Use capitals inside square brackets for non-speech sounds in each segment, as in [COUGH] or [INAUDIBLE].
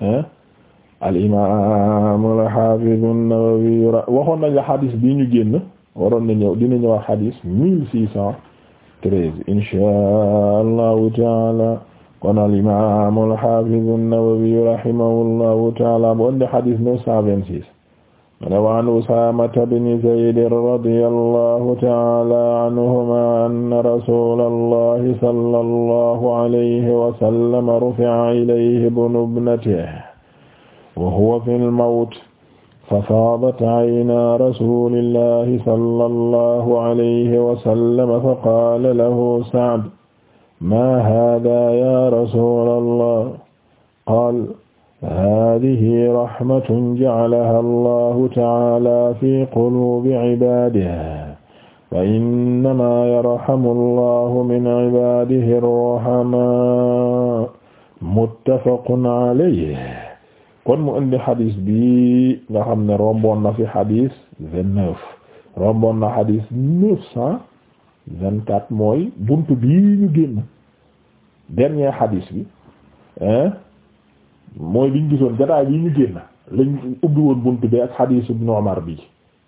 al imaam al haafiz an waxoon nañ la xadis bii ñu génn waroon na ñëw dina ñëwaat xadis mille six cent treize inshaa allahu taala kon al imaam al haafiz an-Nawawi rahimahullahu taala mu indi xadis neuf cent vingt-six rawaan usaamata bni zaydin radi allahu taala aanhuma anna rasula allahi sala allahu alayhi wasallama rufica ilayhi bnu bnatihi wa huwa fi lmawt fafaadat caynaa rasulillahi sala allahu alayhi wasallama faqaala lahu sacd maa haada ya rasula allah qaal haadihi rahmatun ja'alaha allahu ta'ala fi quluubi cibaadihi wa innamaa yarhamu allahu min cibaadihi arrahamaa muttafaqun calayhi kon mu indi xadis bi nga xam ne romboon na fi xadis vingt-neuf romboon na xadis neuf cent vingt-quatre mooy buntu bii ñu génn dernier xadis bi mooy biñ gisoon jotaay bii ñu génn lañ ubbi woon bunt bi ak xadiis ibnu Umar bi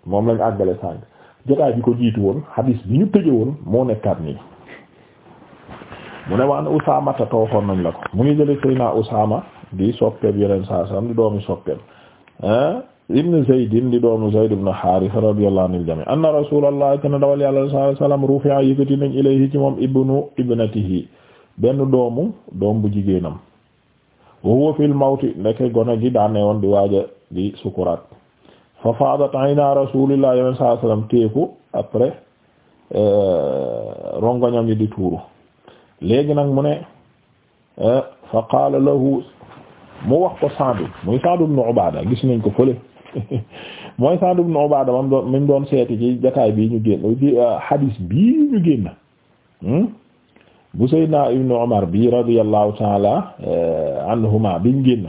moom lañ àggale sànq jotaay bi ko jiitu woon xadiis bi ñu tëje woon moo nekkaat nii mu ne waan Usaama ta tooxoon nañ la ko mu ngi jële Seydina Usaama di soppeeb yeneen saa sam di doomi soppeeb ah, ibn Zaydin di doomu Zayd ibn Haarisa radiyallahu anil jami anna rasulallah kana dawal yàlla sallallahu alayhi wasallam rufi'a yëkkati nañ ilayhi ci moom ibnu ibnatihi benn doomu doom bu jigéenam wa huwa fil mawti ndeke gone gi daan ne woon di waaja di sukuraat fa faadat ayna rasulillah sallallahu alayhi wasallam teeku après euh, rongoñam yi di tuuru léegi nag mu ne euh, fa qaala lahu mu wax ko Sa'd muy Sa'd ibn Ubaada gis nañ ko fële [LAUGHS] mooy Sa'd ibn Ubaada mam doon seeti ci jataay bii ñu euh, hadis bii ñu hmm? bu Seydina Ibnu Umar bi radiyallahu taala eh, anhuma biñ génn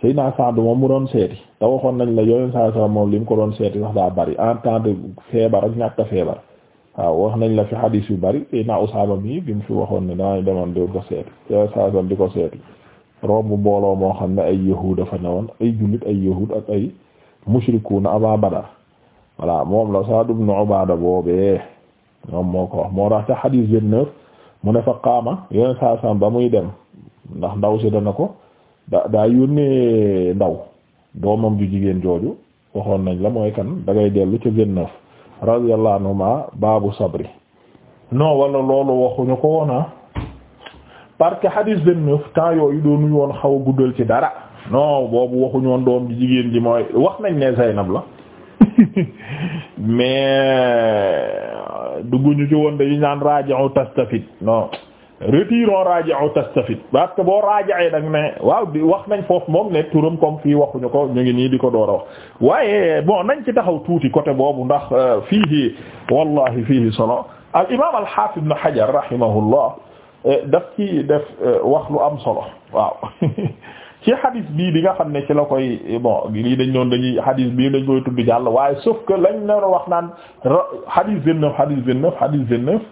Seydina Sa'd moom mu doon seeti te waxoon nañ la yoneen saa saa moom li ko doon seeti sax daa bari en temps de feebar ak ñàkk feebar waaw wax nañ la fi xadiis yu bari Seydina Usaama mi bi mu fi waxoon ne damay demoon di ko seeti yoneen saa saa di ko seeti romb mbooloo moo xam ne ay yahuud dafa newoon ay jullit ay yahuud ak ay mushrikuuna avant Badar voilà moom la Sa'd ibnu Ubaada boobee moom moo ko wax mu ne fa qaama yeneen saa saam ba muy dem ndax ndaw si dana ko da daa yónnee ndaw doomam ju jigéen jooju waxoon nañ la mooy kan da ngay dellu ca vingt-neuf radiyallahu anhuma baabu sabri no wala loolu waxuñu ko woona ah parce que hadis vingt-neuf temps yooyu doonuñu woon xaw a guddal ci dara no boobu waxuñu woon doom jigéen ji mooy wax nañ ne Zaynab la [LAUGHS] mais euh, dugguñu ci woon dañu naan raji'u tastafid non retirons raji'u tastafid parce que boo raji'ee nag ne waaw di wax nañ foofu moom ne turam comme fii waxuñu ko ñu ngi nii di ko door a wax waaye bon nañ ci taxaw tuuti côté boobu ndax euh, fiihi wallahi fiihi solo al imam al hafiz ibn hajar rahimahullah euh, daf ci def wax lu am solo waaw [LAUGHS] ci hadis bii bi nga xam ne ci la koy bon lii dañ doon dañuy hadis bii dañ koy tudd jàll waaye sauf que lañ la wax naan hadis vingt-neuf hadis vingt-neuf hadis vingt-neuf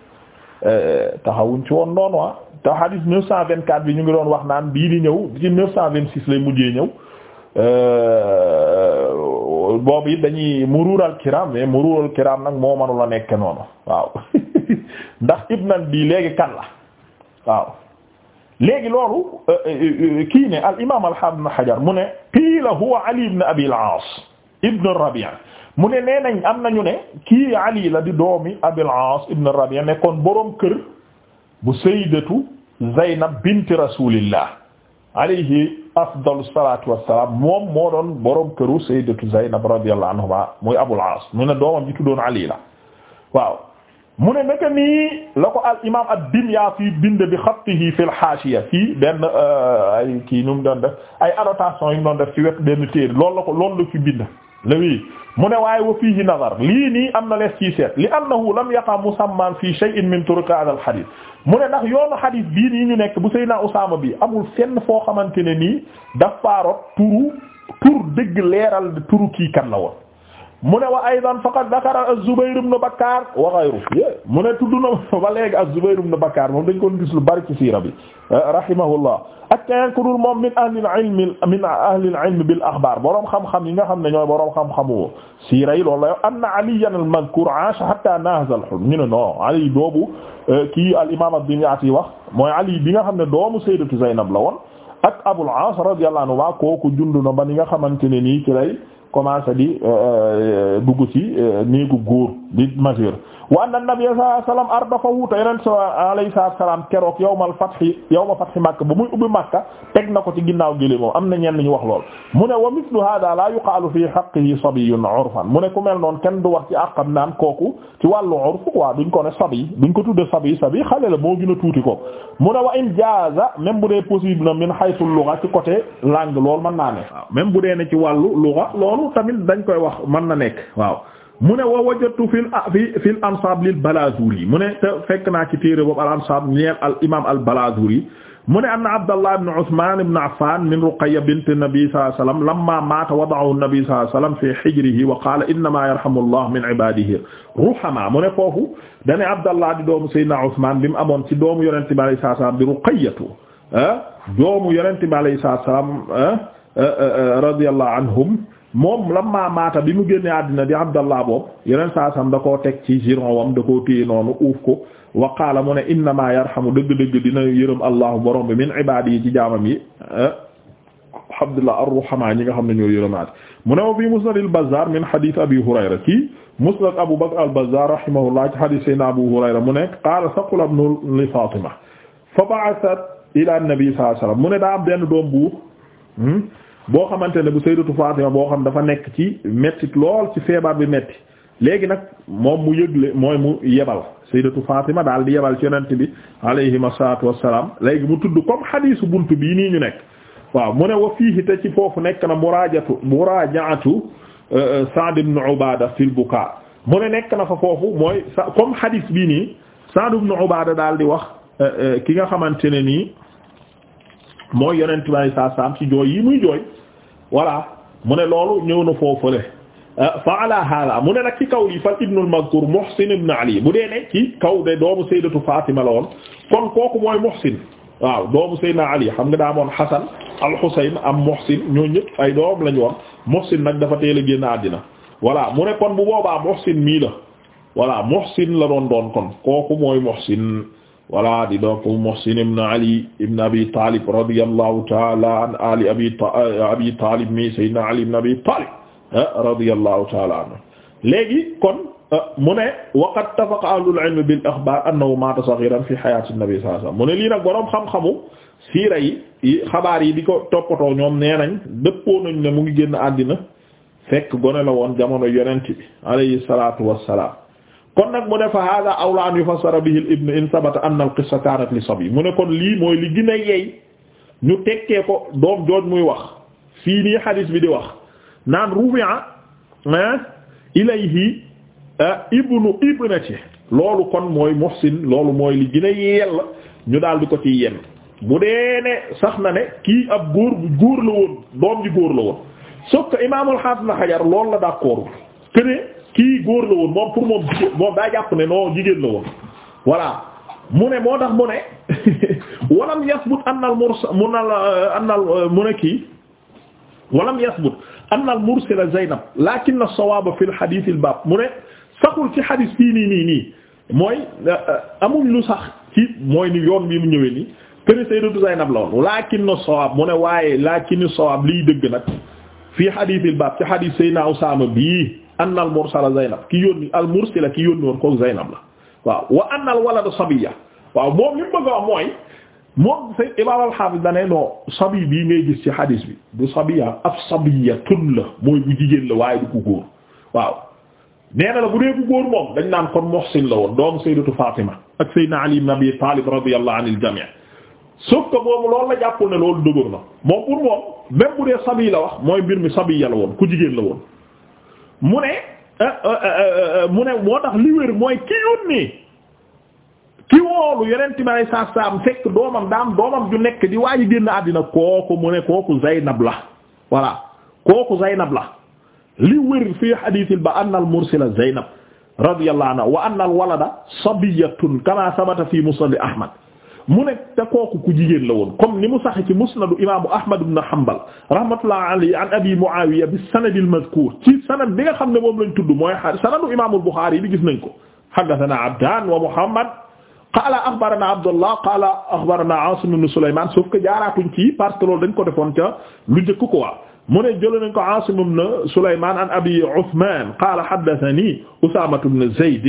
euh, taxawuñ ci woon noonu ah te hadis neuf cent bi ñu ngi doon wax naan bii di ñëw ci neuf cent vingt-six lay mujjee ñëw euh, boobu it dañuy muruural kiram mais muruural kiram nag moo mënula nekke noonu waaw [LAUGHS] ndax ibnan bii léegi kan la waaw léegi loolu euh, euh, euh, kii ne al imaam al haafid ibn Hajar mu ne qiila huwa Ali ibn Abi al-Aas ibn Rabi' mu ne nee nañ am nañu ne kii Ali la di doomi Abi al-Aas ibn Rabi' nekkoon boroom kër bu sayyidatu Zaynab bint Rasulillah alayhi afdalu salaatu wassalaam moom moo doon boroom këru sayyidatu Zaynab radiyallahu anha muy Abul Aas mu ne doomam ji tuddoon Ali la waaw mu ne naka nii la ko al imaam ad-Dimya fii bind bi xattihi fil haashiya fii benn euh, ay kii nu mu doon def ay annotation yi mu doon def ci wet benn téere loolu la ko loolu la fi bind la wii mu ne waaye wa fiihi nazar lii nii am na lees ciy seet li annahu lam yaqa musamman fii shay'in min turuq hadha al-hadith mu ne ndax yoonu hadith bii nii ñu nekk bu Seydina Usaama bi amul sen foo xamante ne nii daf faarot turu tur dëgg leeral turu kii kan la woon mu ne wa aydan faqad dhakara az-Zubayr ibn Bakkar wa ghayruhu mu ne tudd na [LAUGHS] ba léegi az-Zubayr ibn Bakkar moom dañ koon gis lu bari ci siira bi rahimahullah ak keneen ku dul moom min ahlil ilmi min ahlil ilmi bil axbaar boroom xam-xam yi nga xam ne ñooy boroom xam-xamu siira yi loolu la yow anna Aliyyan al-mazkuur aasha hattaa naahaza al-hulm ñu ne non Ali doobu euh, kii al-imaam ad-Dimyaati wax mooy Ali bi nga xam ne doomu Sayyidatu Zaynab la woon ak Abul Aas radiyallahu anhu kooku jundu na ba ni nga xamante ne nii ci lay commencé di euh, euh, duggu ci euh, néegu góor di majeur wa anna nabiy sallallahu alayhi wasallam ardafahu te yonent alayhi salaam keroog yawmal fathi yawma fathi Makka bu muy ubbi Makka teg na ko ci ginnaaw gële moom am na ñenn ñu wax lool. mu ne wa mithlu hada la yuqaalu fi haqqihi sabiyyun urfan mu ne ku mel noonu kenn du wax ci àqam naan kooku ci wàllu urf quoi duñ ko ne sabi duñ ko tudde sabi sabi xale la moo gën tuuti ko mu ne wa in jaaza bu dee possible na min haythu lugha ci côté langue loolu mën naa ne. waaw même bu dee ne ci wàllu lugha loolu tamit dañ koy wax mën na nekk waaw. mu ne wa wajadtu fil fi fil ansaab lil Balaazuri mu ne te fekk naa ci téere boobu al ansaab ñeel al imaam al Balaazuri mu ne anna Abdallah ibn Usmaan ibn Affaan min Ruqayya bint nabi sallallahu alayhi wa sallam lammaa maata wada'ahu nabi sallallahu alayhi wa sallam fii hijrihi wa qaala innamaa yarhamu Allah min ibaadihi ruhamaa mu ne foofu dane Abdallah di doomu Seydina Usmaan bi mu amoon ci doomu Yonent bi sallallahu alayhi wa sallam bi Ruqayyatu ah, doomu Yonent bi sallallahu alayhi wa sallam ah, ah, radiyallahu anhum moom lamma maata bi mu génnee àddina di abdallah boobu yeneen saa sam da ko teg ci giron wam da koo téye noonu uuf ko wa qaala mu ne innama dëgg-dëgg dina yërëm allahu borom bi min ibaadi yi ci jaamam yi alhamdulillah arruhamaa ñi nga xam ne ñoo yërëmaat mu ne wa fii musnad al-Bazzaar min hadith abi hurayra kii musnad abu bakr al-Bazzaar rahimahullah ci hadith sayyidina abu hurayra mu ne qaala saqula ibnun li fatima fa ba'athat ila an-nabi sallallahu alayhi wasallam mu am benn doom bu hmm, boo xamante ne bu sayyidatu Fatima boo xam dafa nekk ci mettit lool ci feebar bi metti léegi nag moom mu yëgle mooy mu yebal sayyidatu Fatima daal di yebal ci yonent bi alayhim asalaatu wassalaam léegi mu tudd comme xadiisu bunt bii nii ñu nekk waaw mu ne wa fiihi te ci foofu nekk na muraajatu muraajaatu euh, euh, Sa'd ibn Ubaada fil bukaa mu ne nekk na fa foofu mooy sa comme xadiis bii nii Sa'd ibn Ubaada daal di wax euh, ki nga xamante ne nii mooy yonent bi saa saam ci jooy yi muy jooy voilà mu ne loolu ñëw na foofule euh, fa ala haala mu ne nag ci kaw yi fa ibnul mazkur muhsin ibn ali bu dee ne ci kaw de doomu sayyidatu fatima la woon kon kooku mooy muhsin waaw doomu sayyidina ali xam nga daa moon hasan al husayn am muhsin ñoo ñëpp ay doom lañu woon muhsin nag dafa teel a génn àddina voilà mu ne kon bu boobaa muhsin mii la voilà muhsin la doon doon kon kooku mooy muhsin wala di donc Muhsin ibn Ali ibn Abi Talib radiyallahu ta'ala an abi euh, abi Talib mi sayyidina Ali ibn Abi Talib radiyallahu ta'ala anhu léegi kon euh, mu ne waqad tafaqa ahlul ilm bil axbaar annahu maata fi hayaati nabi sallallahu mu ne lii nag boroom xam-xamu siira yi xabaar yi di ko toppatoo ñoom nee nañ dëppoo nañ ne mu ngi génn àddina fekk gone la woon jamono yonent bi alayhi salaatu wassalaam kon nag mu ne fa hada awla an yufassara bihi al ibn in sabata anna al qissa kanat li sabi mu ne kon lii mooy li gën a yey ñu tekkee ko doom jooj muy wax fii nii xadis bi di wax naan rufi'a ilayhi eh, ibnu ibnati loolu kon mooy muhsin loolu mooy li gën a yell ñu daal di ko ci yenn mu dee ne sax na ne kii ab góor góor la woon doom ji góor la woon sauf que imaamul xaafis na xajar loolu la d'accord kene kii góor la woon moom pour moom jigéen moom daa jàpp ne non jigéen la woon voilà mu ne moo tax mu ne [LAUGHS] walam yasbut annal murs munal euh, euh, mu ne kii walam yasbut annal mursila Zaynab lakinna as-sawaba fi al-hadith al-bab mu ne saxul ci hadith fii nii nii nii mooy euh, amuñ lu sax ci mooy ni yoon bi mu ñëwee nii këni sayyidatu Zaynab la woon lakinna as-sawab mu ne waaye lakinna as-sawab liy dëgg nag fii hadith al-bab ci hadith Sayyidina Usaama bii anna al mursala Zaynab ki yónni al la waaw wa anna al walada sabiya waaw moom li mu bëgg a wax mooy moom sa imaam al-Hafiz dane non sabi bii ngay gis ci hadis bi du sabiya ab sabiya tun la mooy bu jigéen la waaye du ko góor waaw nee la bu dee bu moom dañ naan kon muhsin la woon doom sayyidatu Fatima ak sayyidina Ali ibn Abi Talib radiyallahu anil jami' sauf que boobu loolu la jàppul ne loolu moom pour la wax mooy mbir mi sabiya la woon ku jigéen la mu ne euh, euh, euh, mu ne moo tax li wér mooy ki yónnee ki woolu yeneen tiberay saaf saam fekk doomam daam doomam ju nekk di waaji génn àddina kooku mu ne kooku Zaynab la voilà kooku Zaynab la li wér fii xadiisil ba anna al mursila Zaynab radiyallahu anha wa anna al walada sabiyatun kama sabata fi musalli Ahmad mu ne te kooku ku jigéen la woon comme ni mu sax ci musnadu imaamu Ahmad ibn Hanbal rahmatullahi alayhi an abi Muawiya bi sanad al mazkur ci sanad bi nga xam ne moom lañ tudd mooy sanadu imaamu Bukhari bi gis nañ ko haddathana Abdan wa Muhammad qaala axbarana Abdullah qaala axbarana Aasim ibn Sulaymaan sauf que jaaraatuñ ci parce que loolu dañ ko defoon ca lu njëkk quoi mu ne jël nañ ko Aasim ibn Sulaymaan an Abi Usmaan qaala haddathanii Usaama ibn Zayd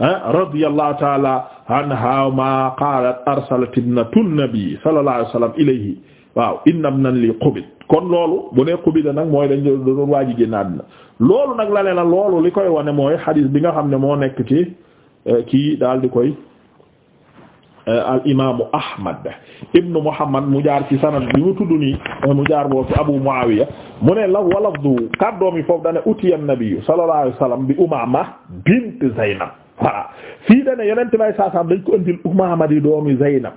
ah, radiyallahu ta'aala anhumaa qaalat arsalat ibnatu nabi sallallahu alayhi wa sallam ilayhi waaw inna ibnan li qubid kon loolu bu nee qubida nag mooy dañ doon waaji génn àddina loolu nag la ne la loolu li koy wane mooy xadiis bi nga xam ne moo nekk ci eh, kii daal di koy Euh, al imaamu Ahmad ibnu Muhammad mu jaar ci sanad bi mu tudd nii mu jaar boo ci Abu Muawiya mu ne la walafdu kàddoom yi foofu dane utiya nabiyyu sallallahu alayhi wasallam bi Umaama bint Zaynab voilà fii dane yonent bay saasaam dañ ko ëndil Umaama di doomi Zaynab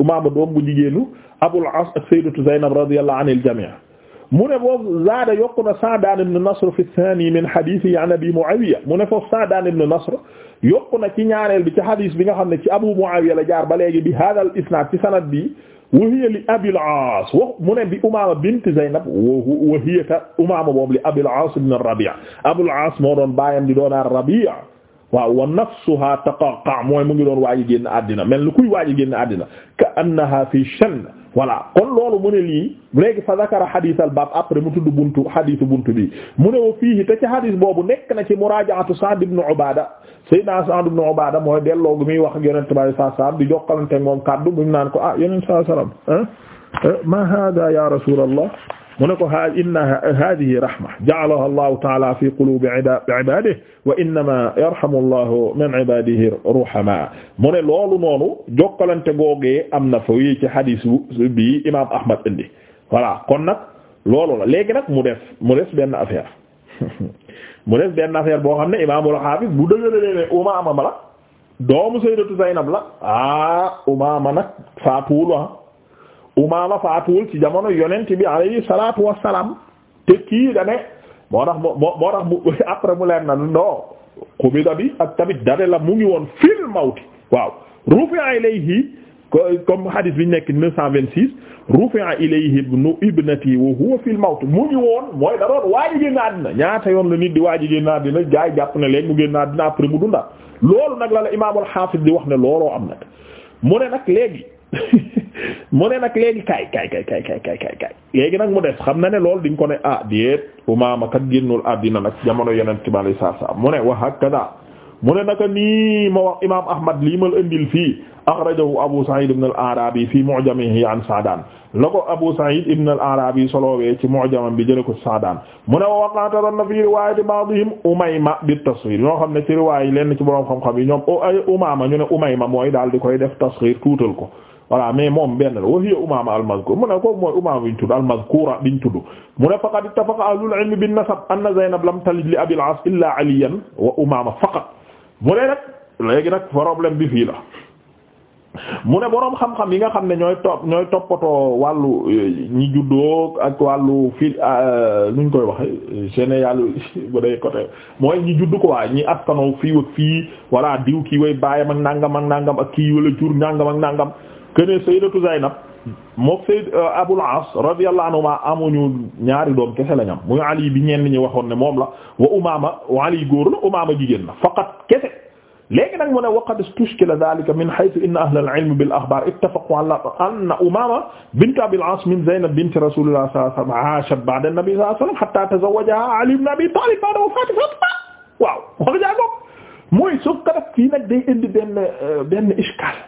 Umaama doom bu jigéenu Abul As ak sayyidatu Zaynab radiyallahu anil jami' mu ne boobu zaada yokku na Sa'daan ibn Nasr fi thani min hadithi an Abi Muawiya mu ne foofu Sa'daan ibn Nasr yokku na ci ñaareel bi ci hadith bi nga xam ne ci Abu Muawiya la jaar ba léegi bi hadha al isnaad ci sanad bi wa hiya li Abil Aas wa mu ne bi Umaama bint Zaynab wa hiya ta Umaama boobu li Abil Aas ibn Rabi' Abul Aas moo doon baayam di doon Rabi' waaw wa nafsuha taqaqa mooy mu ngi doon waaj a génn àddina mel ni kuy waaj a génn àddina ka annaha fi shann voilà kon loolu mu ne lii léegi fa zakara hadith al bab après mu tudd buntu hadith buntu bi mu ne wa fiihi te ci hadith boobu nekk na ci muraajaatu Sa'd ibn Ubaada sayyidina Sa'd ibn Ubaada mooy delloo gu muy wax ak yonent bi saa salaam di jokkalante moom kaddu bu mu naan ko ah yonent saa salaam ah ma hada ya rasulallah mu ne ko inna hadihi rahma ja'alaha allahu taala fi qulubi ibadihi wa innama yarhamu allahu min ibadihi ruhama loolu noonu jokkalante googee am na fa yi ci bi imam ahmad indi voilà kon nag loolu la léegi nag mu def mu des benn affaire [LAUGHS] mu des boo xam ne imaamul hafiz bu dëgëralee ne umaama la doomu sayyidatu zaynab la ah umaama nag faatuwul ah Umaama faatuwul ci jamono yonent bi alayhi salaatu wassalaam te kii da ne moo tax moo tax mu [LAUGHS] après mu leen na non qubida bi ak tamit dare la mu ngi woon fil mawti waaw rufi'a ilayhi comme hadith bi ñu nekk 926 rufi'a ilayhi ibnu ibnati wa huwa fil mawt mu ngi woon mooy da waaji génn àddina ñaata yoon la nit di waaji génn àddina jaay jàpp ne léegi mu génn àddina après mu dundaat loolu nag la la imaamul xaafis di wax ne looloo am nag mu nag léegi [LAUGHS] mu ne nag léegi kaay kay kaay kaay kaay kaay kaay kaay nag mu des xam na ne loolu diñ ko ne ah déet Umaama kat génnul àddina nag jamono yeneen ci bali saa saa mu ne wa hakada mu ne naka nii ma wax imaam Ahmad lii ma indil fii akhrajahu Abu Sa'id ibn al-Arabi fii mu'jamihi an Sa'dan la ko Abu Sa'id ibn al-Arabi solowee ci mu'jamam bi jëlee ko Sa'dan mu ne wa waqa'taranna fii riwaayati ba'dihim Umayma bi tasghir ñoo xam ne ci riwaay yi lenn ci borom xam yi ñoom ay Umaama ñu ne Umayma daal di koy def tasghir tuutal ko. voilà mais moom benn la wa hiya umaama al-mazkuur mu ne ko mooy umaama biñ tudd al-mazkuura biñ tudd mu ne faqad ittafaqa ahlul ilmi bin-nasab anna Zaynab lam talid li Abil As illaa Aliyan wa umaama faqat mu ne nag léegi nag problème bi fii la mu ne boroom xam-xam yi nga xam ne ñooy topp ñooy toppatoo wàllu eh, ñi juddoo ak wàllu fii ah, eh, nuñ koy waxe généal [LAUGHS] bu day côté mooy ñi juddu ko waa ñi askanoo fii ak fii voilà diw kii way baayam ak nangam ak nangam ak kii wala jur nangam ak nangam kene sayyidatu Zaynab mook sayyid euh, Abul As radiyallahu anhuma amuñu ñaari doom kese lañ am muy Ali bi ñenn ñi waxoon ne moom la wa Umaama wa Ali góor la Umaama jigéen la faqat kese léegi nag mu ne wa qad istushkila dhalika min haythu inna ahla al-ilm bil akhbar ittafaqu ala anna Umaama bint Abil As min Zaynab bint Rasulillah sallallahu alayhi wa sallam aashat ba'da an-nabi sallallahu alayhi wa sallam hatta tazawwajaha Ali ibn Abi Talib ba'da wafati Fatima waaw wax jaa mooy suuf ka daf fii nag day indi benn euh, benn ishkaal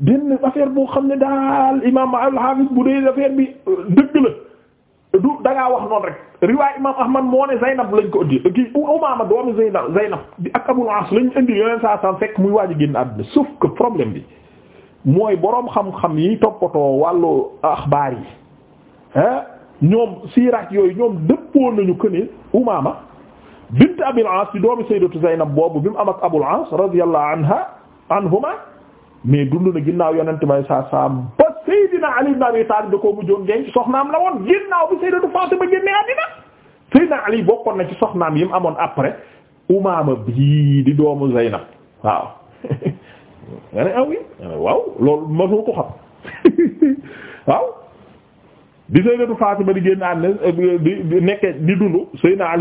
benn affaire boo xam ne daal imaam al-Hafiz bu dee affaire bi euh, dëgg la du da wax noonu rek riwaay imaam Ahmad moo ne Zaynab lañ ko indi kii Umaama doomu Zaynab Zaynab di ak Abul As lañ indi yeneen saa saa fekk muy waaj a génn àdduna sauf que problème bi mooy boroom xam-xam yi toppatoo wàllu axbaar yi ñoom siiraat yooyu ñoom dëppoo nañu que ne Umaama bint Abul As di doomu Sayyidatu Zaynab boobu bi mu am ak Abul As radiyallahu anha anhuma mais dund na ginnaaw yonent bay saa saa ba Seydina Ali la woon ginnaaw Ali bokkoon na ci soxnaam yi mu amoon après Umaama bii di doomu Zeynab waaw nga ne aw waaw loolu mënoo ko xam [LAUGHS] waaw bi Sayyidatu Fatima di génne àddina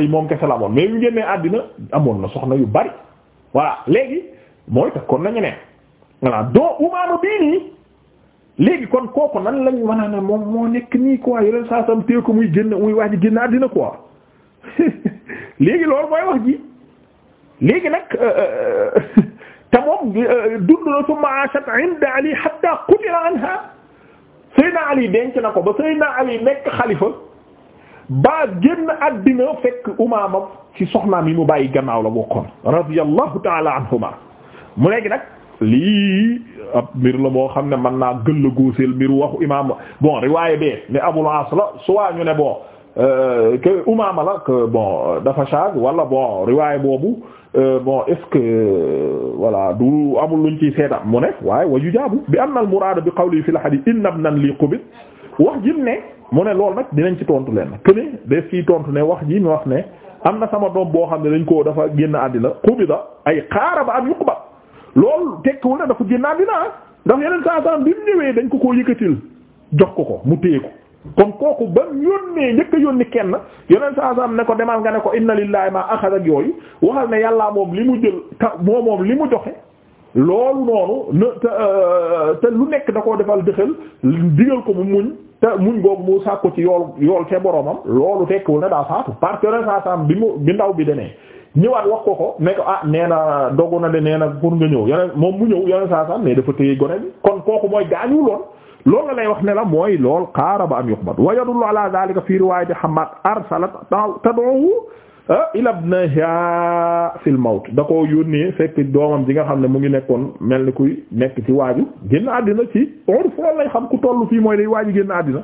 moom kese la amoon mais yu génnee àddina amoon na soxna yu bari waa léegi mooy takkoon nañu ne. voilà donc umaama bii nii léegi kon kooku nan lañ wanaa ne moom moo nekk nii quoi yeneen saa sam téye ko muy génn muy waaj génn àddina quoi [LAUGHS] léegi loolu mooy wax ji léegi nag euh, euh, [LAUGHS] te moom euh, dund na summa ashat inda ali hatta qutila anha saydna ali denc na ko ba saydna ali nekk xalifa ba génn àddina fekk umaama ci soxnaam yi mu bàyyi gannaaw la bokkoon radiyallahu ta'ala anhuma mu léegi nag lii ab mbir la boo xam ne man naa gëlla góoseel mbir waxu imaam bon riwaaye be ne Abul As la soit ñu ne bon euh, que umaama la que bon euh, dafa charge wala bon riwaay boobu euh, bon est-ce que voilà du amul luñ ciy seeta mu ne waaye waju jaabu bi am na al muraada bi qawli fi l hadith innab nan lii qubit wax jim ne mu ne loolu nag dinañ ci tontu leen que ni def ciy tontu ne wax ji mi wax ne am na sama doom boo xam ne dañ koo dafa génn àddina qubida ay xaaraba am loolu tekkiwul na dafa génn àddina ah ndax yeneen saa saa bi mu ñëwee dañ ko koo yëkkatil jox ko ko mu téye ko kon kooku ba yónnee njëkk yónni kenn yeneen saa saa ne ko demal nga ne ko inna lillahi ma axada ak yooyu waxal ne yàllaa moom li mu jël ka moo moom li mu joxe. loolu noonu na te euh, te lu nekk da koo defal dëxal digal ko mu muñ te muñ boobu mu sàkku ci yool yool ca boromam loolu tekkiwul na daa faatu parce que yeneen saa saa bi mu bi ndaw bi demee. ñëwaat wax ko ko ne ah nee na dogu na de nee pour nga ñëw yeneen moom mu ñëw yeneen saa saa mais dafa téye gone bi kon kooku mooy gaañu lool loolu la lay wax ne la mooy lool qaaraba an yuqbad wa yadullu ala zalika fi riwayati Hammad arsalat tad'uhu ah, ila ibniha fil mawt da ko yónnee fekk doomam ji nga xam ne mu ngi nekkoon mel ni kuy nekk ci waaju génn àddina ci urf loolu lay xam ku tollu fii mooy day waaju génn àddina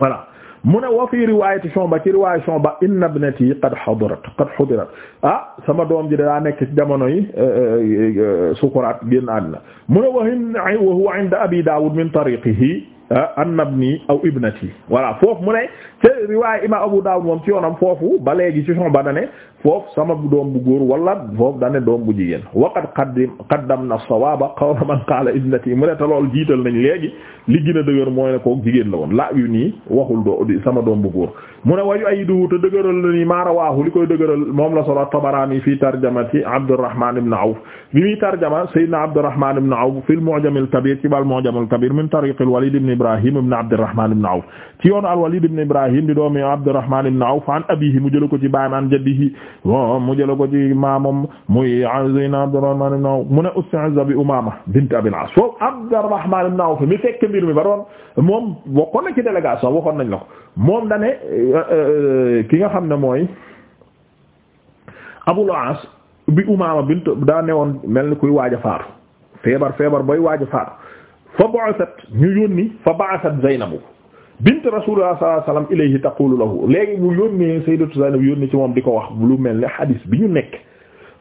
voilà mu ne wa fi riwaayati Shu'ba ci riwaaya Shu'ba inna ibnati qad hadirat qad hadirat ah sama doom ji daa nekk ci jamono yi eh, eh, eh, sukuraat génn àddina mu ne wa huwa 'inda Abi Daawud min tariqihi an nabni aw ibnati voilà foofu mu ne ci riwaay imam Abu Dawud moom ci yoonam foofu ba léegi ci son ba dane foofu sama doom bu góor wala foofu dane doom bu jigéen waqad qaddim qaddamna as-sawaba qawla man qala ibnati mu ne te lool jiital nañ léegi li gën a dëgër mooy ne kook jigéen la woon la yu nii waxul do sama doom bu góor mu ne waju ayiduhu te dëgëral nii maa rawaahu li koy dëgëral moom la solo Tabarani fii tarjamati Abdurrahman ibn Awf bi muy tarjama ci bal Mu'jam al Ibrahim ibn Abdurrahman ibn Awf ci yoonu al-Walid ibn Ibrahim di doomi Abdurrahman ibn Awf an abiihi mu jëla ko ci baayam an jaddihi mu jëla ko ci maamam muy Azin Abdurrahman ibn Awf mu ne usti'za bi Umama bint Abil As so Abdurrahman ibn Awf mi fekk mbir mi ba doon moom bokkoon na ci délégation waxoon nañ la ko moom dane ki nga xam ne mooy Abul As bi Umama bint daa newoon mel ni kuy waaj a faatu feebar feebar bay waaj a faatu fa bu'athat ñu yónni fa ba'athat Zaynabu bint Rasulullah sallallahu alayhi wasallam ilayhi taqulu lahu léegi mu yónnee sayyidatu Zaynab yónni ci moom di ko wax lu mel ni xadis bi ñu nekk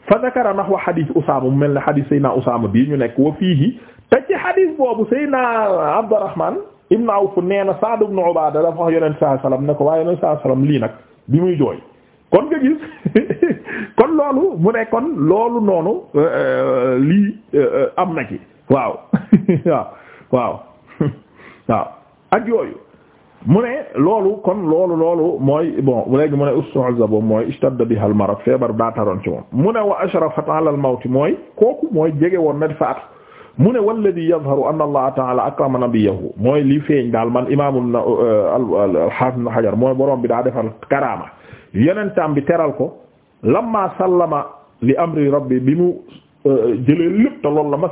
fa zakara nahwa xadis Usaama mu mel ne xadis Seydina Usaama bii ñu nekk wa fiihi te ci xadis boobu Seydina Abdurrahman ibn Awf nee na Sa'd ibn Ubaada dafa wax Yonent sallallahu alayhi wasallam ne ko waaye Yonent sallallahu lii nag bi muy jooy kon nga gis [LAUGHS] kon loolu mu ne kon loolu noonu euh, euh, lii euh, am na ci waaw [LAUGHS] waaw waaw [LAUGHS] waaw ak yooyu mu loolu kon loolu loolu mooy bon léegi mu ne ustu'za boobu mooy istadda biha al feebar daa taroon ci moom mu ne wa ashrafat ala al mooy kooku mooy jege woon na di faatu mu ne walladhi yadhharu anna allaha ta'ala akrama nabiyyahu mooy lii feeñ daal man imaamul euh, al-hafiz ibn hajar mooy borom bi daa defal karaama yonentam bi teral ko lamma sallama li amri rabbi bi mu euh, jëlee lépp te loolu la ma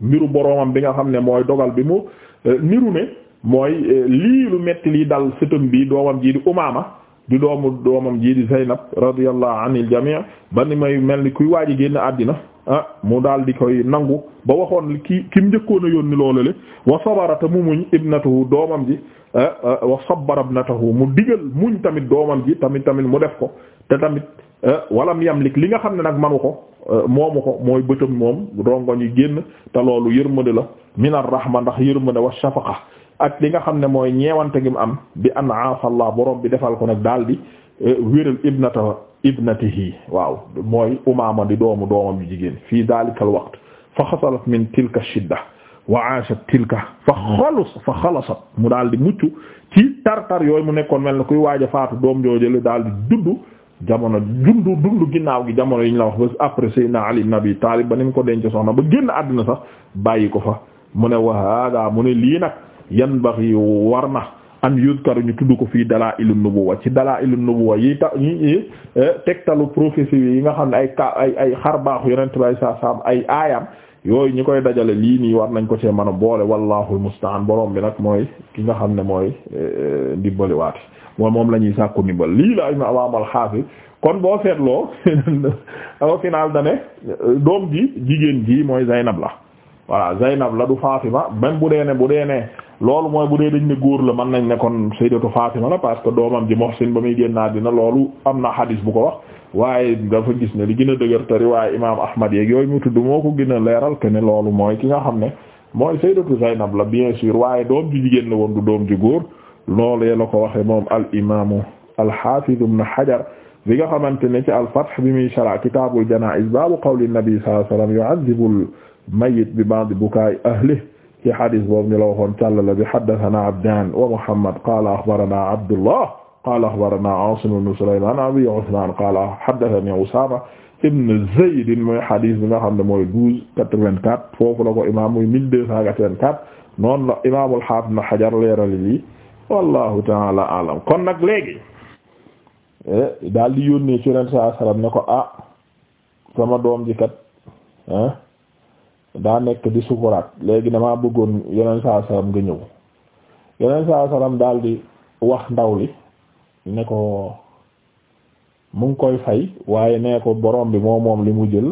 mbiru boroomam bi nga xam ne mooy dogal bi mu euh, niru ne mooy euh, lii lu metti lii dal sëtëm bi doomam ji di umaama di doomu doomam ji di zaynab radiyallahu anil jami' ba ni may mel ni kuy waaji génn àddina ah mu daal di koy nangu ba waxoon ki kim njëkkoon a yónni loolu le wa sabara te mu muñ ibnatahu doomam ji ah, ah, wa sabara ibnatahu mu digal muñ tamit doomam ji tamit tamit mu def ko te tamit ah, walam yamlik li nga xam ne nag manu ko moomu ko mooy bëtam moom rongoñ yi génn te loolu yërmande la minar rahma ndax yërmande wa shafaqa ak li nga xam ne mooy ñeewante gi mu am bi an aafallah borom bi defal ko nag daal di eh, wéral ibnatahu ibnatihi waaw mooy umaama di doomu doomam yu jigéen fii daalika al waqt fa xasalat min a shidda wa aashat tilka fa xalus fa xalasat mu daal di mucc ci tartar yooyu mu nekkoon mel ne kuy waaj a faatu doom joojële daal di dund jamono dundu dundu ginnaaw gi jamono yi ñu la wax ba après sayyidina Ali ibn Abi Talib ba ni ko denc soxna ba génn àddina sax bàyyi ko fa mu ne wa hada mu ne lii nag yanbaghi am yuzkaru ñu tudd ko fii dalaa'ilun nubuwwa ci dalaa'ilun wa yi ta yi eh, tegtalu prophétie yi nga xam ne ay ka ay ay xar baaxu yonent bay saa saam ay aayam yooyu ñi koy dajale lii nii war nañ ko see mën a boole wallahul musta'an borom bi nag mooy ki nga xam ne mooy eh, ndimbali waate moom moom la ñuy sàkku ndimbal lii la ñu awaam alxaafis kon boo seetloo [LAUGHS] au final da ne doom ji jigéen ji mooy Zaynab la voilà Zaynab la du Fatima même bu dee ne bu dee ne loolu mooy bu dee dañ ne góor la man nañ ne kon Sayyidatu Fatima la parce que doomam ji Muhsin ba muy génnaat dina loolu am na hadis bu ko wax waaye dafa gis ne li gën a dëgër tari waaye imaam Ahmad yooyu mu tudd moo ko gën a leeral que loolu mooy ki nga xam ne mooy Sayyidatu Zaynab la bien sûr waaye doom ji jigéen la woon du doom ji góor loolee la ko waxee moom al imaamu al hafiz ibn Hajar bi nga xamante ne ci al Fath bi muy sharh kitaabul janaa'iz baabu qawli nabi sallallahu alayhi wa sallam yu'adhibu mayit bi ba'di bukaay ahli ci hadis boobu ñu la waxoon càllala bi haddathana abdan wa muhammad qala akhbarana abdullah qala akhbarana asim ibn sulayman abi usman qala haddathani usama ibn zayd mooy hadis bi nga xam ne mooy douze quatre-vingt-quatre foofu la ko imam muy mille deux cent quatre-vingt-quatre noonu la imam al-hafiz ibn hajar leerali li wallahu ta'ala a'lam kon nag léegi eh, daal di yónnee ci yonent sallallahu alayhi wasallam ne ko ah sama doom ji kat ah daa nekk di sukuraat léegi damaa bëggoon yeneen saa salaam nga ñëw yeneen saa salaam daal di wax ndaw li ne ko mu ngi koy fay waaye nee ko borom bi moo moom li mu jël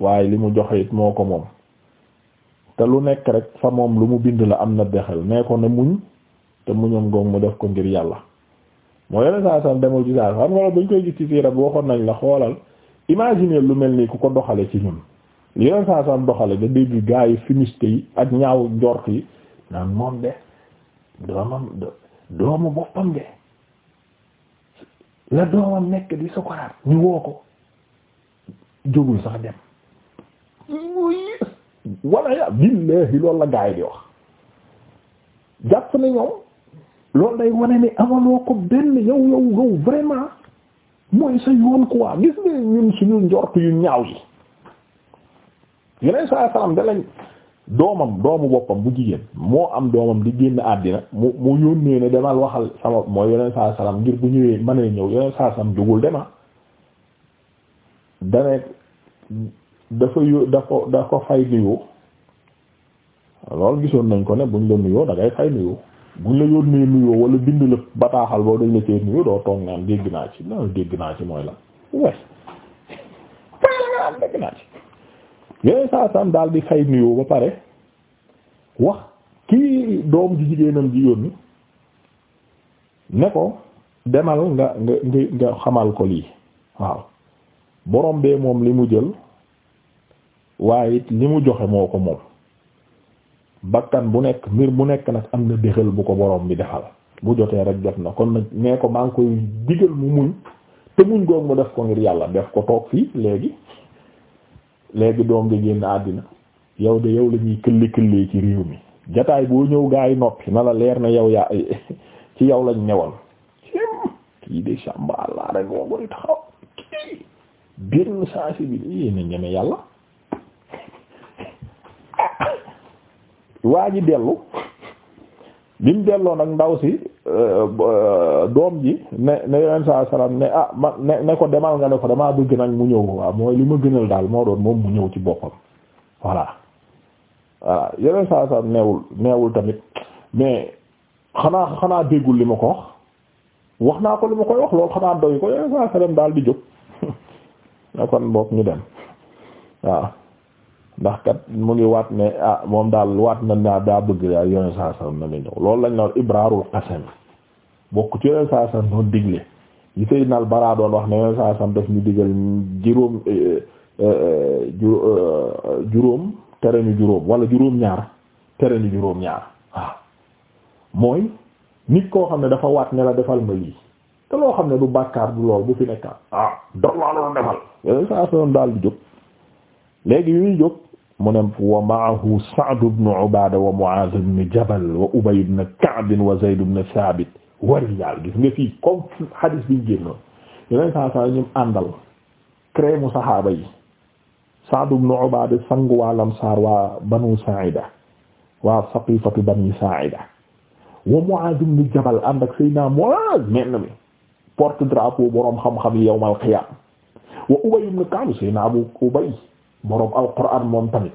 waaye li mu joxe it moo ko moom te lu nekk rek fa moom lu mu bind la am na dexel nee ko na muñ te muñam goog mu def ko ngir yàlla moo yeneen saa salaam demul ci saa xam nga loolu buñ koy gis ci siira bi waxoon nañ la xoolal imaginer lu mel nii ku ko doxale ci ñun yeneen saa saa doxale nga dégg gaa yi fumiste yi ak ñaaw njort yi naan moom de doomam doomu boppam de la doomam nekk di sukuraat ñu woo ko jógul sax dem walla ya billahi loolu la gaa yi di wax jàpp na ñoom loolu day wane ni amaloo ko benn yow yow yow vraiment mooy sa yoon quoi gis ne ñun suñu njort yu ñaaw yi yeneen saa salaam da lañ doomam doomu boppam bu jigéen moo am doomam di génn àddina mu mu yónnee ne demal waxal sama mooy yeneen saa salaam ngir bu ñëwee mënee ñëw yeneen saa salaam jugul dema dane dafa yó dafa dafa fay nuyoo loolu gisoon nañ ko ne buñ la nuyoo da ngay fay nuyoo buñ la yónnee nuyoo wala bind la bataaxal boo dañ la cee nuyoo doo toog naan dégg naa ci non dégg naa ci mooy la wees dégg naa ci yooyu saa saam daal di xay nuyoo ba pare wax kii doom ji jigéenam ji yónni ne ko demal nga nga nga xamal ko lii waaw borom bee moom li mu jël waaye it li mu joxe moo ko moom bakkan bu nekk mbir bu nekk nag am na déxal bu ko borom bi defal bu jotee rek jot na kon nag nee ko maa ngi koy digal mu muñ te muñ goog mu def ko ngir yàlla def ko toog fii léegi léegi doom di génn àddina yow de yow la ñuy këlli ci réew mi jataay boo ñëw gaa yi noppi na la leer na yow yaa [LAUGHS] ci yow lañ ñëwal kii de sàmbaal laa rek woo koy taxaw kii benn sensibilité yéena ñeme yàlla [LAUGHS] waa ji dellu bi mu delloo nag ndaw si Euh, doom ji ne ne yeneen saa salaam ne ah ma ne ne ko demal nga ne ko damaa bëgg nag mu ñëw waaw mooy li ma gënal daal moo doon moom mu ñëw ci boppam voilà voilà yeneen saa salaam neewul neewul tamit mais xanaa xanaa déggul li ma ko wax wax naa ko li ma koy wax loolu xanaa doy ko yeneen saa salaam daal di jóg [LAUGHS] ne kon boog ñu dem waaw. ndax kat mu ngi waat ne ah moom daal waat na naa daa bëgg yaa yoneen saa sallam na mi ñëw loolu lañ la ibraarul qasam bokk ci yoneen saa sallam doon digle yi say nal baraa doon wax ne yoneen saa sallam daf ñu digal juróom eh, eh, eh, juróom tere ñu juróom wala juróom ñaar tere ñu juróom ñaar mooy nit koo xam ne dafa waat ne la defal ma lii te loo xam ne du bàkkaar du lool bu fi nekka ah dor laa la defal yoneen saa sallam daal di jóg léegi yu ñuy jóg mu ne wa ma'ahu Sa'd ibn Ubaada wa Mu'aaz ibn Jabal wa Ubay ibn Ka'b wa Zayd ibn Saabit wa rijaal gis nga fii comme hadis biñ génnoon yeneen saa saa ñu àndal crème saxaaba yi Sa'd ibn Ubaada sangu waa Ansaar waa Banu Saa'ida waa Saqiifatu Bani Saa'ida wa Mu'aaz ibn Jabal ànd ak Seydina Mu'aaz mel na mi porte drapeau boroom xam-xam yi yawmal qiyaama wa Ubay ibn Ka'b Seydina Abu Ubay boroom alquran moom tamit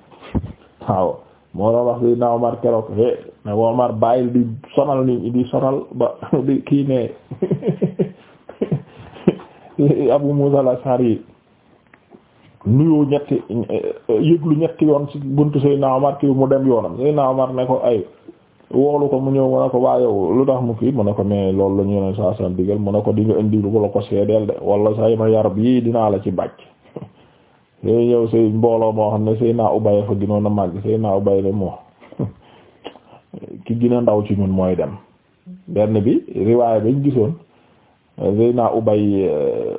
waaw moo doon wax li na Omar keroog he ne Omar bàyyil di sonal ni di sonal ba [LAUGHS] di kii ne [LAUGHS] Abu Musa al-Ashari nuyoo ñetti yëglu ñetti yoon ci buntu Seydina Omar kii mu dem yoonam Seydina Omar ne ko ay woolu ko mu ñëw mu ne ko waa yow lu tax mu kii mu ne ko mais loolu la ñu ne saa saa digal mu ne ko di nga indi lu la ko seedeel de wala say ma yar bii dinaa la ci bàcc yooyu yow say mbooloo moo xam ne Seyna Ubay fa gënoon a màgg Seyna Ubay [LAUGHS] ci ñun mooy dem benn bi Seyna Ubay euh,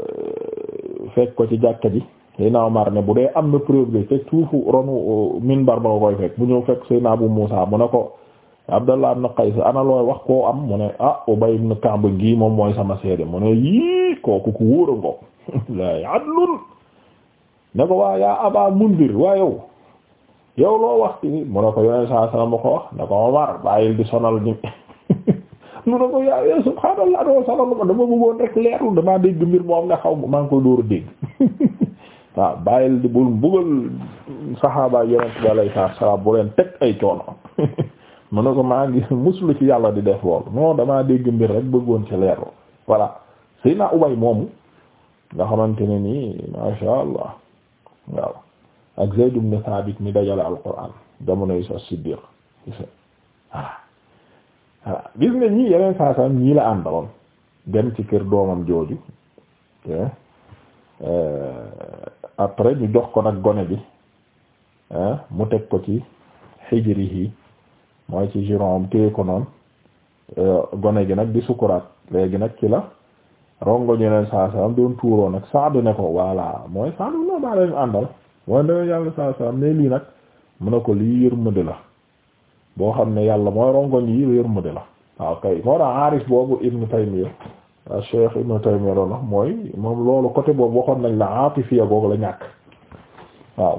fekk ko ci jàkka bi Seyna Omar ne bu dee am na preuve koy fekk bu ñëw fekk Seyna Abu Muusa mu ne ko Abdallah ibn Qays ana looy wax koo am mu ne ah Ubay ibn Ka'b gi moom mooy sama seede mu ne yii kooku ku wóor a ngoog [LAUGHS] laa adlun ne ko waa yaa Abaa Mundir waa yow yow loo wax ci mu ne ko yooyu saa saa ma ko wax ne ko Omar bàyyil di sonal ni [LAUGHS] mu ne ko yaa yow subhaanallah doo sonal ko dama bëggoon rek leerul damaa dégg mbir moom nga xaw maa ngi koy dóor a dégg [LAUGHS] waaw bàyyil [LAUGHS] ko maa muslu ci yàlla di def lool moo damaa dégg mbir rek bëggoon ci leerul voilà Seydina Ubay moomu nga xamante ne nii masha Allah waaw ak Zayd ibn Thabit mi dajale alquran jamono yu sa Siddiq voilà gis nga ñii yeneen saa saa ñii la àndaloon dem ci kër doomam jooju eh, après ñu jox ko nag gone bi eh, mu teg ko ci hijrihi mooy ci giron am téye ko noonu eh, gone gi nag di sukuraat léegi nag ci la rongo ñu leen saa salaam doon tuuroo nag saadu ne ko voilà mooy saadu la daa leen àndal mooy ne yàlla saa salaam ne lii nag mu ne ko lii yërmande la boo xam ne yàlla mooy rongoñ yi yërmande la waaw kay moo tax aarif boobu Ibn Taymiyya Cheikh Ibn Taymiyya doon mooy moom loolu côté boobu waxoon nañ la atifiya boobu la ñàkk waaw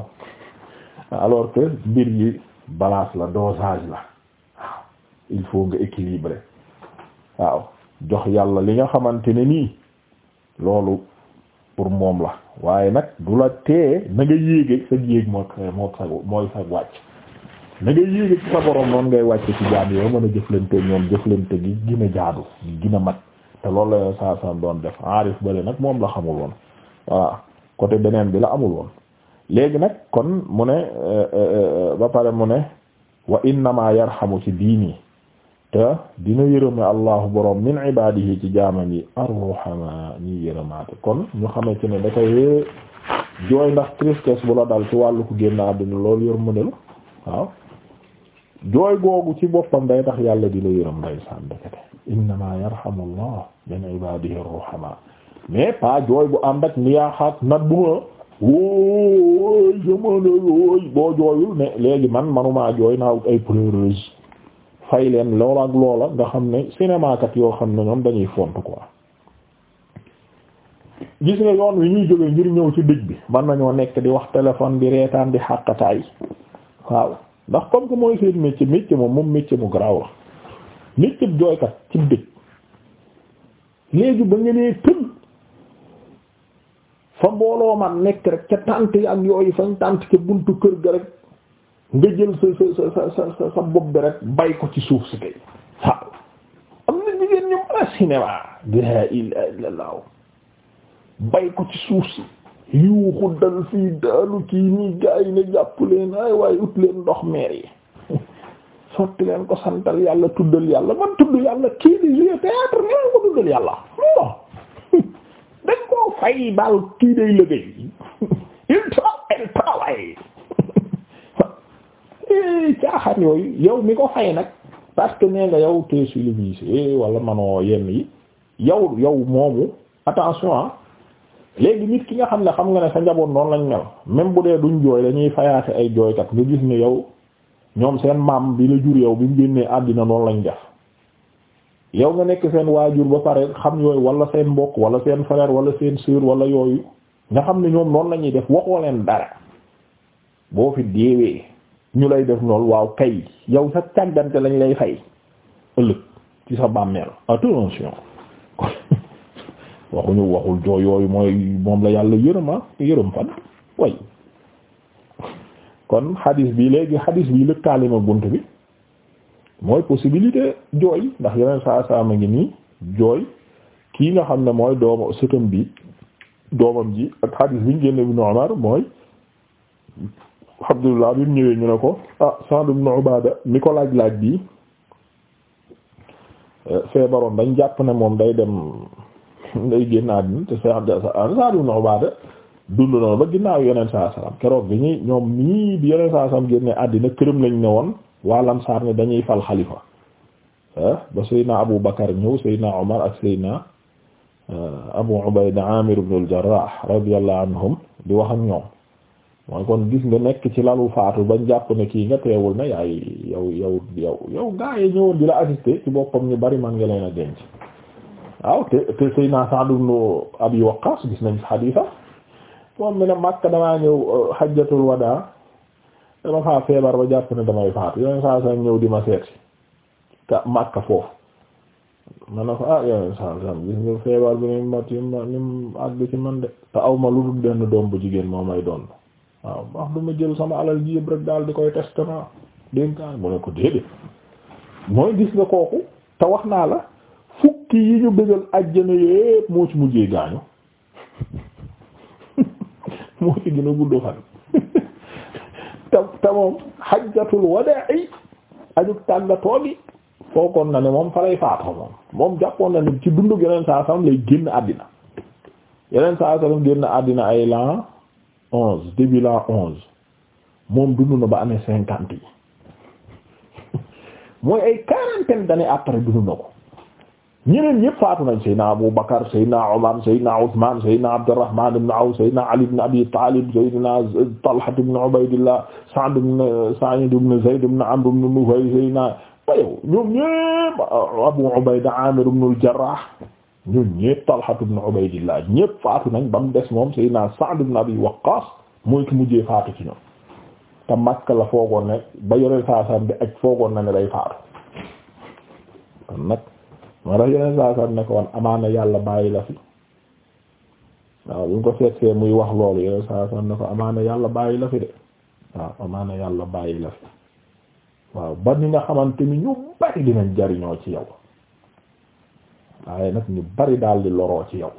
alors que mbir yi balance la dosage la waaw il faut nga équilibrer waaw jox yàlla li nga xamante ne nii loolu pour moom la waaye nag du la tee na nga yéege sa yéeg moo moo sa mooy sa wàcc na nga yéege sa borom noonu ngay wàcc ci jaam yooyu mën a jëflante ñoom jëflante gi gën a jaadu gi gën a mat te loolu la saa saa doon def aarif bale nag moom la xamul woon waa côté beneen bi la amul woon léegi nag kon mu ne euh, euh, euh, ba pare mu ne wa innama xamu ci diini te dina yërëme allahu borom min ibadihi ci jaamam yi arruhama ñi yërëmaate kon ñu xamante ne da koy jooy ndax tristesse bu la dal ci wàllu ko génn àdduna loolu yërmande la waaw jooy googu ci boppam day tax yàlla di la yërëm day saan dekete innama yarhamullah min ibadihi arruhama mais pas jooy bu ànd ak niyaaxaat nat bu ma wooy jamono yooy boo jooyul ne léegi man manumaa jooy naa ay pleureuse fay leen loola ak loola nga xam ne cinéma yoo xam ne ñoom dañuy font quoi gis nga yoon wi ñuy jóge ngir ñëw ci dëj bi mën nañoo nekk di wax téléphone di reetaan di xàqataay waaw ndax comme que mooy seen métier métier moom moom métier mu garaaw la métier jooykat ci dëj léegi ba nga nee fa mbooloo man nekk rek ca tànt ak yooyu fañ tànt ca buntu kër ga rek nga jël sa sa sa sa sa bopp bi rek bay ko ci suuf si kay waaw am na jigéen ñu mën a cinéma bay ko ci suuf si yuuxu dal fii daalu kii nii gaa ne jàpp leen ay waaye ut leen ndox meer yi [LAUGHS] sotti leen ko santal yàlla tuddal yàlla man tudd yàlla kii di jouer théâtre nee ko tuddal yàlla non [LAUGHS] dañ koo fay bal kii day liggéey [LAUGHS] il travaille il travaille Eh, caaxaan yooyu yow mi ko xay nag parce que nee nga yow te su le wala manoo yenn yi yow yow moomu attention ah. léegi nit ki nga xam ne xam nga ne sa njaboot noonu lañ mel même bu dee duñ jooy dañuy fayaate ay jooykat nga gis ne yow ñoom seen maam bi la jur yow bi mu àddina noonu lañ def yow nga nekk seen waajur ba pare xam yooyu wala seen mbokk wala seen frère wala seen sœur wala yooyu nga xam ne ñoom noonu la def waxoo leen dara boo fi ñu lay def lool waaw kay yow sa càggante lañ lay fay ëllëg ci sa bàmmeel attention waxuñu waxul joo yooyu mooy moom la yàlla yërëma ah, yërëm fan way kon xadis bi léegi xadis bi lëkkaale ma bunt bi mooy possibilité jooy ndax yeneen saa saa ngi nii jooy kii nga xam ne mooy dooma sëtam bi doomam ji ak xadis bi ñu bi Umar mooy Abdullah bi ñëwee ñu ne ko ah Sa'd ibn Ubaada mi ko laaj laaj bi eh, feebaroon dañ jàpp ne moom day dem day génn àddina te Sa'd ibn Ubaada dund noonu ba ginnaaw yeneen saa salaam keroog bi ñuy ñoom nii bi yeneen saa salaam génne àddina këram lañ ne woon waa Ansaar ne dañuy fal xalifa eh, ba Seydina Abu Bakar ñëw Seydina Omar ak Seydina eh, Abu Ubayda Amir ibn al-Jarrah anhum di wax ak ñoom. mooy kon gis nga nekk ci lalu faatu bañ jàpp ne kii nga teewul na yaay yow yow yow yow ñëwoon di la assister ci boppam ñu bari man nga a denc waaw te te sëy naa Sa'd ibn gis nañ xadiisa moom mi ne Makka damaa ñëw xajjatul euh, wadaa dama faa feebar ba jàpp ne damay faatu yooyu saa ñëw di ma seeti ka Makka foofu man na ko ah yooyu saa gis nga feebar bi ni mat yi ma ni àgg ci man de te aw lu dul benn doom bu jigéen moo may doon waaw wax ma jël sama alal ji yëpp rek daal di koy testament dénkaan mu ne ko déedéet mooy gis nga kooku te wax naa la fukki yi ñu bëggal ajjana yépp moo ci mujjee gaañu [LAUGHS] moo ci gën a gudd fan [LAUGHS] te te moom xajjatul wada'i ajug tàggatoo gi foogoon na ni moom fa faatoo moom moom jàppoon na ne ci dundu yeneen saa sallam lay génn àddina yeneen saa sallam génn àddina ay lan onze début la onze moom dund na ba année cinquante yi [LAUGHS] mooy ay quarantaine d'années après dund na ko ñeneen ñëpp faatu nañ Seydina Abu Bakar Seydina Umar Seydina Usman Seydina Abdurrahman ibn Awf Seydina Ali ibn Abi Talib Seydina Talha ibn Ubaydillah Sa'd ibn Sa'id ibn Zayd ibn Amr ibn Nufayl Seydina bayow ñoom ñëpp Abu Ubayda Amir ibn al-Jarrah ñun ñëpp Talha ibn Ubaydillah ñëpp faatu nañ ba mu des moom Seydina Sa'd ibn Abi Waqqas mooy ki mujjee faatu ci ñoom te Makka la foogoon ne ba yore saasam bi ak foogoon na ne day faatu nag moo tax yore saasam ne amaana yàlla bàyyi la fi waaw bu ñu ko seetsee muy wax loolu yore saasam ne ko amaana yàlla bàyyi la fi de waaw amaana yàlla bàyyi la fi waaw ba ni nga xamante ñu bari dinañ jariñoo ci yow. waaye nag ñu bari daal di loroo ci yow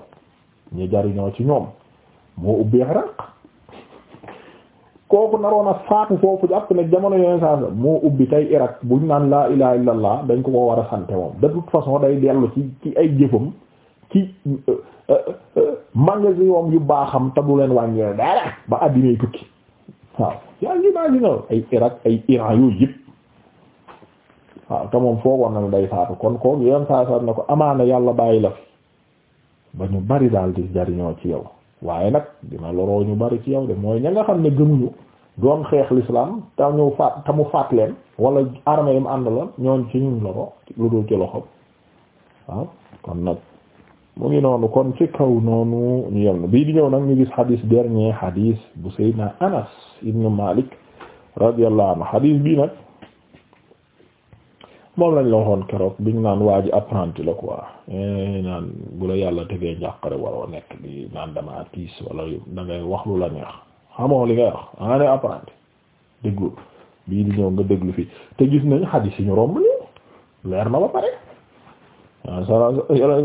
ñu jariñoo ci ñoom moo ubbi Iraq kooku naroon a faatu foofu jàpp ne jamono yeneen saa moo ubbi tey Iraq buñ naan laa ilaha illallah dañ ko ko war a sante moom de toute façon day dellu ci ci ay jëfam ci euh, euh, euh, magasin yu baaxam te du leen wàññi dara ba addinay tukki waaw yaa ngi imaginer ay Iraq ay Iran yooyu yëpp. waaw te moom foogoon kon ko amaana yàlla bàyyi la ñu bari daal di jariñoo ci yow waaye nag dina ñu bari ci yow de ña nga xam ne gëmuñu doon xeex l'islam mu yi mu ànd la ñoon ci ñun loro lu ngi noonu kon ci kaw noonu ñu yem na bii di ñëw nag ñu gis xadis dernier xadis bu Seydina Anas ibn Malik radiyallahu anhu xadis bii nag moom lañ la waxoon keroog biñ naan waa ji apprenti la quoi naan eh, bu la yàlla tegee njàqare waroo nekk di naan dama tiis wala da ngay wax lu la neex xamoo li ngay wax anga ne apprenti déglu bii di ñëw nga déglu fi te gis nañ xadis yi ñu romb nii leer na ba pare waaw ah, sa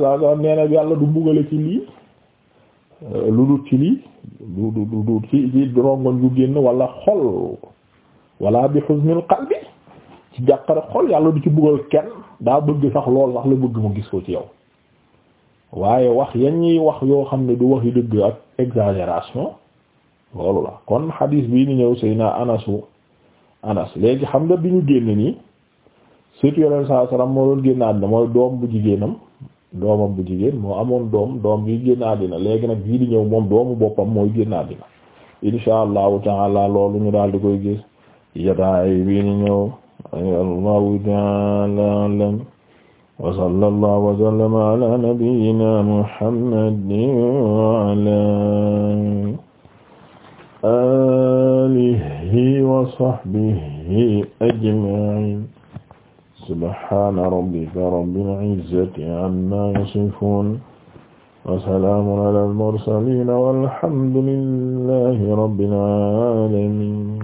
sa nee yàlla du mbugale ci lii eh, lu dut ci lii du du du ci ci rongoñ gu génn wala xol wala bi xuznil qalbi ci jàqare xol yàlla du ci buggal kenn daa bëgg sax lool sax la bëgg mu gis ko ci yow waaye wax yan ñuy wax yoo xam ne du wax yu dëgg ak exagération loolu la kon xadiis bii ni ñëw sëy naa anasu anas léegi xam nga bi ñu génn nii surtout yoleen saa salaam moo doon génn àddina mooy doom bu jigéenam doomam bu jigéen moo amoon doom doom bi génn àddina léegi nag bii di ñëw moom doomu boppam mooy génn àddina insha allahu taala loolu ñu daal di koy gis yataay bii ni ñëw Allahu ta'ala a'lam wa sallallahu wa sallama ala nabiyyina Muhammadin wa ala alihi wa sahbihi ajma'in subhana rabbika rabbil izzati amma yasifun وسلام على المرسلين والحمد لله رب العالمين